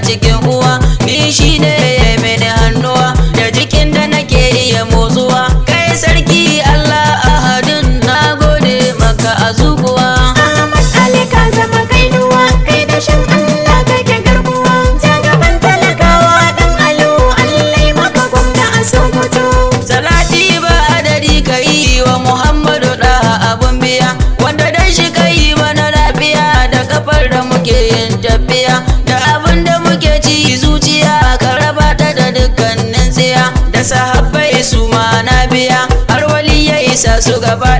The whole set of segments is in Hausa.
cikin uwa Bye.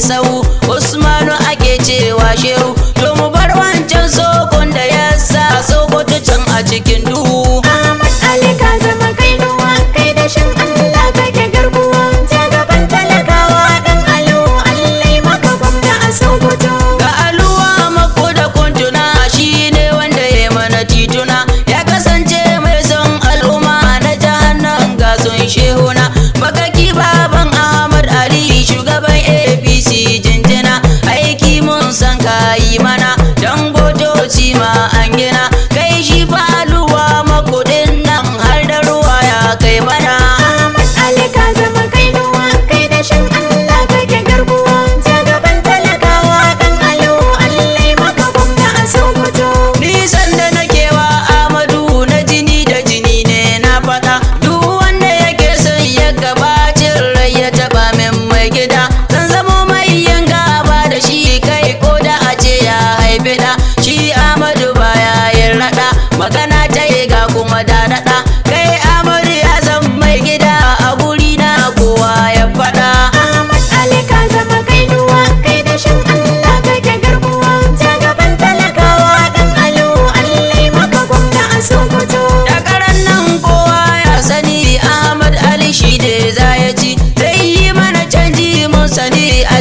sau usmanu ake cewa shehu to mu bar wancan sokon da ya sa sokoto can a ciki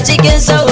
chicken so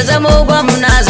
ka zamo gwamna